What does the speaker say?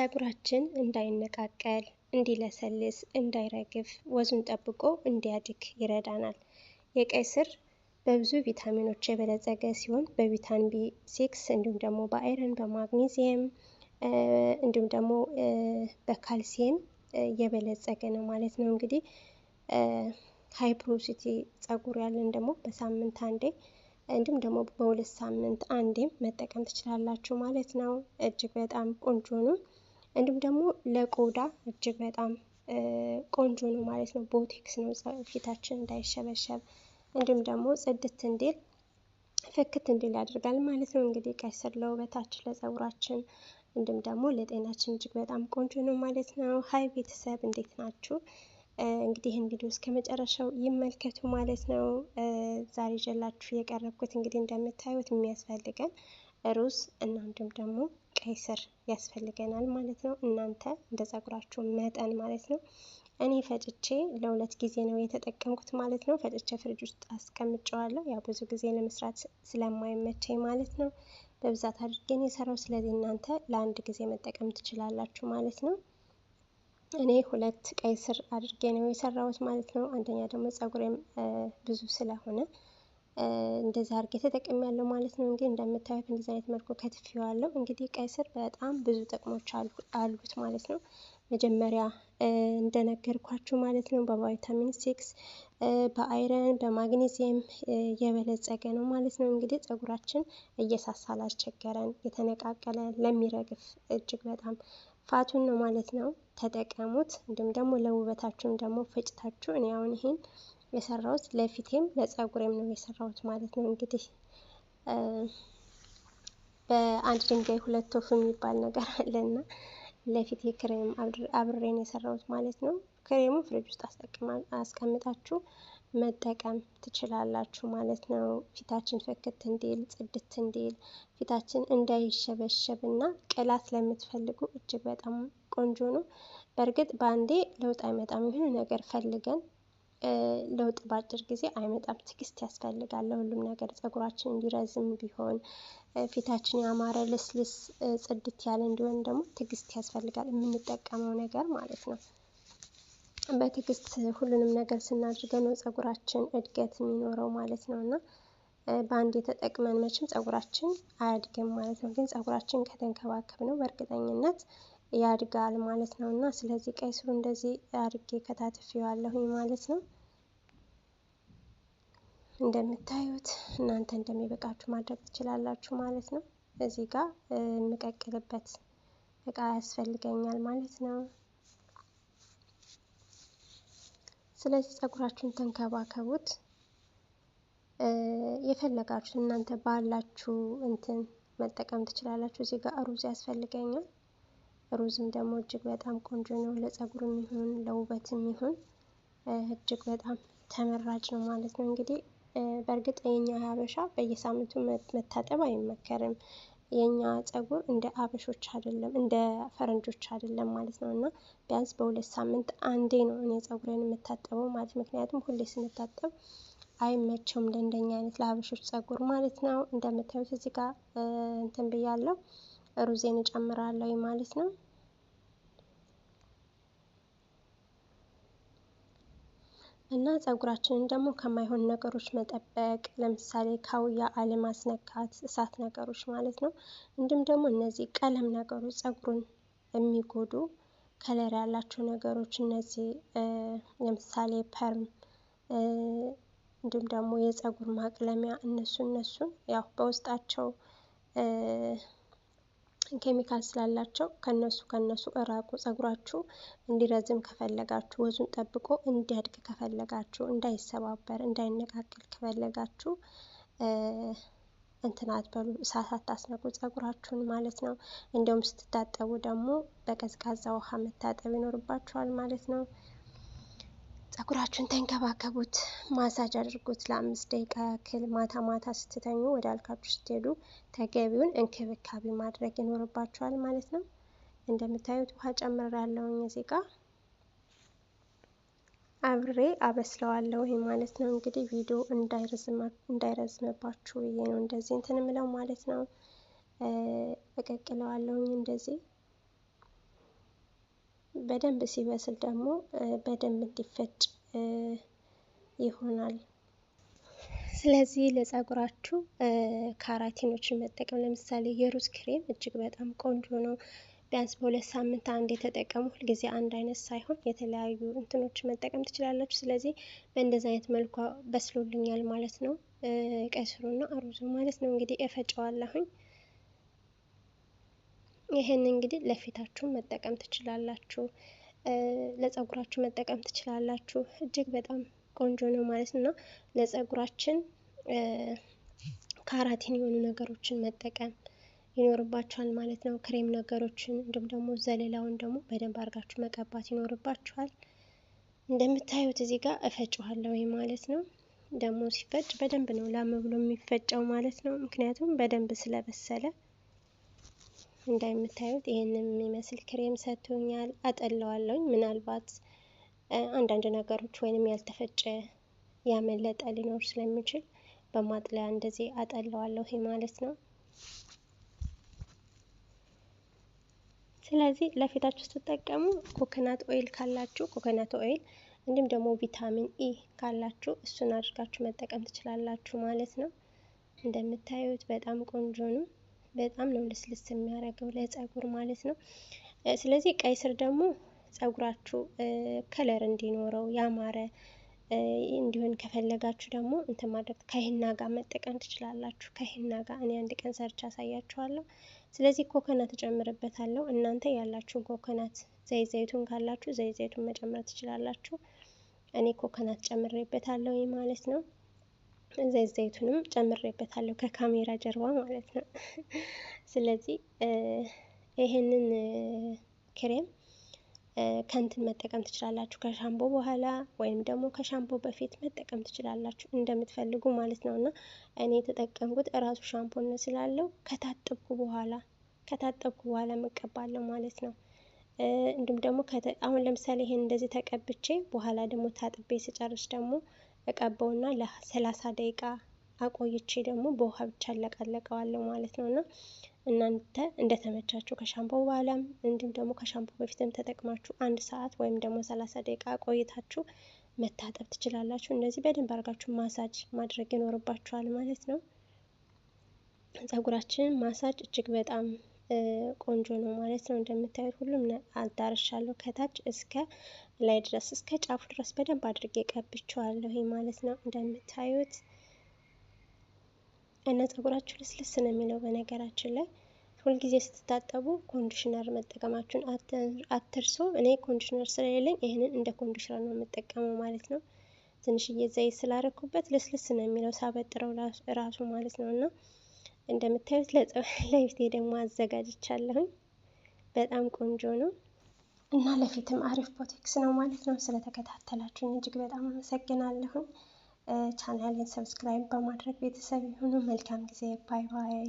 ፀጉራችን እንዳይነቃቀል፣ እንዲለሰልስ፣ እንዳይረግፍ፣ ወዙን ጠብቆ እንዲያድግ ይረዳናል። የቀይ ስር በብዙ ቪታሚኖች የበለጸገ ሲሆን በቪታሚን ቢ ሲክስ እንዲሁም ደግሞ በአይረን በማግኒዚየም እንዲሁም ደግሞ በካልሲየም የበለጸገ ነው ማለት ነው። እንግዲህ ሃይፕሮሲቲ ፀጉር ያለን ደግሞ በሳምንት አንዴ እንዲሁም ደግሞ በሁለት ሳምንት አንዴም መጠቀም ትችላላችሁ ማለት ነው። እጅግ በጣም ቆንጆ ነው። እንዲሁም ደግሞ ለቆዳ እጅግ በጣም ቆንጆ ነው ማለት ነው። ቦቴክስ ነው ፊታችን እንዳይሸበሸብ እንዲሁም ደግሞ ጽድት እንዲል ፍክት እንዲል ያደርጋል ማለት ነው። እንግዲህ ቀይ ለውበታች ለውበታችን፣ ለፀጉራችን እንዲሁም ደግሞ ለጤናችን እጅግ በጣም ቆንጆ ነው ማለት ነው። ሀይ ቤተሰብ እንዴት ናችሁ? እንግዲህ ይህን ቪዲዮ እስከ መጨረሻው ይመልከቱ ማለት ነው። ዛሬ ይዤላችሁ የቀረብኩት እንግዲህ እንደምታዩት የሚያስፈልገን ሩዝ እና እንዲሁም ደግሞ ቀይ ስር ያስፈልገናል ማለት ነው። እናንተ እንደ ጸጉራችሁ መጠን ማለት ነው። እኔ ፈጭቼ ለሁለት ጊዜ ነው የተጠቀምኩት ማለት ነው። ፈጭቼ ፍሪጅ ውስጥ አስቀምጨዋለሁ። ያው ብዙ ጊዜ ለመስራት ስለማይመቸኝ ማለት ነው በብዛት አድርጌን የሰራው። ስለዚህ እናንተ ለአንድ ጊዜ መጠቀም ትችላላችሁ ማለት ነው። እኔ ሁለት ቀይ ስር አድርጌ ነው የሰራሁት ማለት ነው። አንደኛ ደግሞ ጸጉሬም ብዙ ስለሆነ እንደዚህ አድርጌ ተጠቅሜያለሁ ማለት ነው። እንግዲህ እንደምታዩት እንደዚህ አይነት መልኩ ከትፌዋለሁ። እንግዲህ ቀይ ስር በጣም ብዙ ጥቅሞች አሉት ማለት ነው። መጀመሪያ እንደነገርኳችሁ ማለት ነው በቫይታሚን ሲክስ በአይረን በማግኔዚየም የበለጸገ ነው ማለት ነው። እንግዲህ ጸጉራችን እየሳሳ ላስቸገረን፣ የተነቃቀለ ለሚረግፍ እጅግ በጣም ፋቱን ነው ማለት ነው። ተጠቀሙት። እንዲሁም ደግሞ ለውበታችሁም ደግሞ ፈጭታችሁ እኔ አሁን ይሄን የሰራሁት ለፊቴም ለፀጉሬም ነው የሰራሁት ማለት ነው። እንግዲህ በአንድ ድንጋይ ሁለት ወፍ የሚባል ነገር አለና ለፊቴ ክሬም አብሬ ነው የሰራሁት ማለት ነው። ክሬሙ ፍሪጅ ውስጥ አስቀምጣችሁ መጠቀም ትችላላችሁ ማለት ነው። ፊታችን ፍክት እንዲል ጽድት እንዲል ፊታችን እንዳይሸበሸብ እና ቅላት ለምትፈልጉ እጅግ በጣም ቆንጆ ነው። በእርግጥ በአንዴ ለውጥ አይመጣም። ይህን ነገር ፈልገን ለውጥ በአጭር ጊዜ አይመጣም። ትግስት ያስፈልጋል ለሁሉም ነገር። ጸጉራችን እንዲረዝም ቢሆን ፊታችን ያማረ ልስልስ ጽድት ያለ እንዲሆን ደግሞ ትግስት ያስፈልጋል፣ የምንጠቀመው ነገር ማለት ነው። በትግስት ሁሉንም ነገር ስናድርገን ነው ፀጉራችን እድገት የሚኖረው ማለት ነው እና በአንድ የተጠቅመን መቼም ጸጉራችን አያድግም ማለት ነው። ግን ፀጉራችን ከተንከባከብ ነው በእርግጠኝነት ያድጋል ማለት ነው። እና ስለዚህ ቀይ ስሩ እንደዚህ አድርጌ ከታትፌዋለሁኝ ማለት ነው። እንደምታዩት እናንተ እንደሚበቃችሁ ማድረግ ትችላላችሁ ማለት ነው። እዚህ ጋር የምቀቅልበት እቃ ያስፈልገኛል ማለት ነው። ስለዚህ ፀጉራችሁን ተንከባከቡት። የፈለጋችሁት እናንተ ባላችሁ እንትን መጠቀም ትችላላችሁ። እዚህ ጋር ሩዝ ያስፈልገኛል። ሩዝም ደግሞ እጅግ በጣም ቆንጆ ነው። ለፀጉር ይሁን ለውበትም ይሁን እጅግ በጣም ተመራጭ ነው ማለት ነው። እንግዲህ በእርግጥ የኛ ሀበሻ በየሳምንቱ መታጠብ አይመከርም። የኛ ፀጉር እንደ አበሾች አይደለም እንደ ፈረንጆች አይደለም ማለት ነው። እና ቢያንስ በሁለት ሳምንት አንዴ ነው እኔ ፀጉሬን የምታጠበው ማለት ምክንያቱም ሁሌ ስንታጠብ አይመቸውም ለእንደኛ አይነት ለሀበሾች ፀጉር ማለት ነው። እንደምታዩት እዚህ ጋር እንትን ብያለሁ። ሩዜን እጨምራለሁ ማለት ነው። እና ጸጉራችንን ደግሞ ከማይሆን ነገሮች መጠበቅ፣ ለምሳሌ ካውያ አለማስነካት፣ እሳት ነገሮች ማለት ነው። እንዲሁም ደግሞ እነዚህ ቀለም ነገሮች ፀጉሩን የሚጎዱ ከለር ያላቸው ነገሮች እነዚህ ለምሳሌ ፐርም፣ እንዲሁም ደግሞ የጸጉር ማቅለሚያ እነሱ እነሱን ያው በውስጣቸው ኬሚካል ስላላቸው ከነሱ ከነሱ እራቁ። ጸጉራችሁ እንዲረዝም ከፈለጋችሁ፣ ወዙን ጠብቆ እንዲያድግ ከፈለጋችሁ፣ እንዳይሰባበር እንዳይነቃቅል ከፈለጋችሁ እንትን አትበሉ፣ እሳት አታስነቁ ጸጉራችሁን ማለት ነው። እንዲሁም ስትታጠቡ ደግሞ በቀዝቃዛ ውሃ መታጠብ ይኖርባችኋል ማለት ነው። ፀጉራችሁን ተንከባከቡት፣ ማሳጅ አድርጉት ለአምስት ደቂቃ ያክል ማታ ማታ ስትተኙ ወደ አልጋችሁ ስትሄዱ ተገቢውን እንክብካቤ ማድረግ ይኖርባችኋል ማለት ነው። እንደምታዩት ውሃ ጨምር ያለውን እዚህ ጋ አብሬ አበስለዋለሁ። ይህ ማለት ነው እንግዲህ ቪዲዮ እንዳይረዝምባችሁ ብዬ ነው እንደዚህ እንትን ምለው ማለት ነው። እቀቅለዋለሁኝ እንደዚህ በደንብ ሲበስል ደግሞ በደንብ እንዲፈጭ ይሆናል። ስለዚህ ለፀጉራችሁ ካራቲኖችን መጠቀም ለምሳሌ የሩዝ ክሬም እጅግ በጣም ቆንጆ ነው። ቢያንስ በሁለት ሳምንት አንድ የተጠቀሙ ሁልጊዜ አንድ አይነት ሳይሆን የተለያዩ እንትኖችን መጠቀም ትችላላችሁ። ስለዚህ በእንደዚህ አይነት መልኩ በስሎልኛል ማለት ነው። ቀይ ስሩና ሩዙ ማለት ነው እንግዲህ እፈጨዋለሁኝ። ይህን እንግዲህ ለፊታችሁ መጠቀም ትችላላችሁ፣ ለፀጉራችሁ መጠቀም ትችላላችሁ። እጅግ በጣም ቆንጆ ነው ማለት ነው። ለፀጉራችን ካራቲን የሆኑ ነገሮችን መጠቀም ይኖርባችኋል ማለት ነው። ክሬም ነገሮችን እንዲሁም ደግሞ ዘለላውን ደግሞ በደንብ አድርጋችሁ መቀባት ይኖርባችኋል። እንደምታዩት እዚህ ጋር እፈጨዋለሁ ማለት ነው። ደግሞ ሲፈጭ በደንብ ነው ላም ብሎ የሚፈጨው ማለት ነው። ምክንያቱም በደንብ ስለበሰለ እንደምታዩት ይህንን የሚመስል ክሬም ሰጥቶኛል። አጠለዋለሁኝ ምናልባት አንዳንድ ነገሮች ወይንም ያልተፈጨ ያመለጠ ሊኖር ስለሚችል በማጥለያ እንደዚህ አጠለዋለሁ ማለት ነው። ስለዚህ ለፊታችሁ ስትጠቀሙ ኮኮናት ኦይል ካላችሁ ኮኮናት ኦይል እንዲሁም ደግሞ ቪታሚን ኢ ካላችሁ እሱን አድርጋችሁ መጠቀም ትችላላችሁ ማለት ነው። እንደምታዩት በጣም ቆንጆ ነው። በጣም ነው ልስልስ የሚያደርገው ለፀጉር ማለት ነው። ስለዚህ ቀይ ስር ደግሞ ፀጉራችሁ ከለር እንዲኖረው ያማረ እንዲሆን ከፈለጋችሁ ደግሞ እንትን ማድረግ ከሂና ጋር መጠቀም ትችላላችሁ። ከሂና ጋር እኔ አንድ ቀን ሰርች አሳያችኋለሁ። ስለዚህ ኮኮናት እጨምርበታለሁ። እናንተ ያላችሁን ኮኮናት ዘይት ዘይቱን ካላችሁ ዘይት ዘይቱን መጨመር ትችላላችሁ። እኔ ኮኮናት ጨምሬበታለሁ ማለት ነው። ዘይት ዘይቱንም ጨምሬበታለሁ ከካሜራ ጀርባ ማለት ነው። ስለዚህ ይህንን ክሬም ከንትን መጠቀም ትችላላችሁ። ከሻምፖ በኋላ ወይም ደግሞ ከሻምፖ በፊት መጠቀም ትችላላችሁ እንደምትፈልጉ ማለት ነው። እና እኔ የተጠቀምኩት እራሱ ሻምፖነት ስላለው ከታጠብኩ በኋላ ከታጠብኩ በኋላ መቀባለሁ ማለት ነው። እንዲሁም ደግሞ አሁን ለምሳሌ ይሄን እንደዚህ ተቀብቼ በኋላ ደግሞ ታጥቤ ስጨርስ ደግሞ እቀባውና ለሰላሳ ደቂቃ አቆይቼ ደግሞ በውሃ ብቻ አለቃለቀዋለሁ ማለት ነው። እና እናንተ እንደተመቻችሁ ከሻምፖ በኋላም እንዲሁም ደግሞ ከሻምፖ በፊትም ተጠቅማችሁ አንድ ሰዓት ወይም ደግሞ ሰላሳ ደቂቃ ቆይታችሁ መታጠብ ትችላላችሁ። እነዚህ በደንብ አድርጋችሁ ማሳጅ ማድረግ ይኖርባችኋል ማለት ነው። ጸጉራችንን ማሳጅ እጅግ በጣም ቆንጆ ነው ማለት ነው። እንደምታዩት ሁሉም አዳርሻለሁ ከታች እስከ ላይ ድረስ እስከ ጫፉ ድረስ በደንብ አድርጌ ቀብቼዋለሁ ማለት ነው። እንደምታዩት እና ጸጉራችሁ ልስልስ ነው የሚለው በነገራችን ላይ ሁልጊዜ ስትታጠቡ ኮንዲሽነር መጠቀማችሁን አትርሱ። እኔ ኮንዲሽነር ስለሌለኝ ይህንን እንደ ኮንዲሽነር ነው የምጠቀመው ማለት ነው። ትንሽዬ ዘይት ስላረኩበት ልስልስ ነው የሚለው ሳበጥረው ራሱ ማለት ነው እና እንደምታዩት ለፊቴ ደግሞ አዘጋጅቻለሁኝ። በጣም ቆንጆ ነው እና ለፊትም አሪፍ ቦቴክስ ነው ማለት ነው። ስለተከታተላችሁኝ እጅግ በጣም አመሰግናለሁኝ። ቻናሌን ሰብስክራይብ በማድረግ ቤተሰብ የሆኑ መልካም ጊዜ። ባይ ባይ።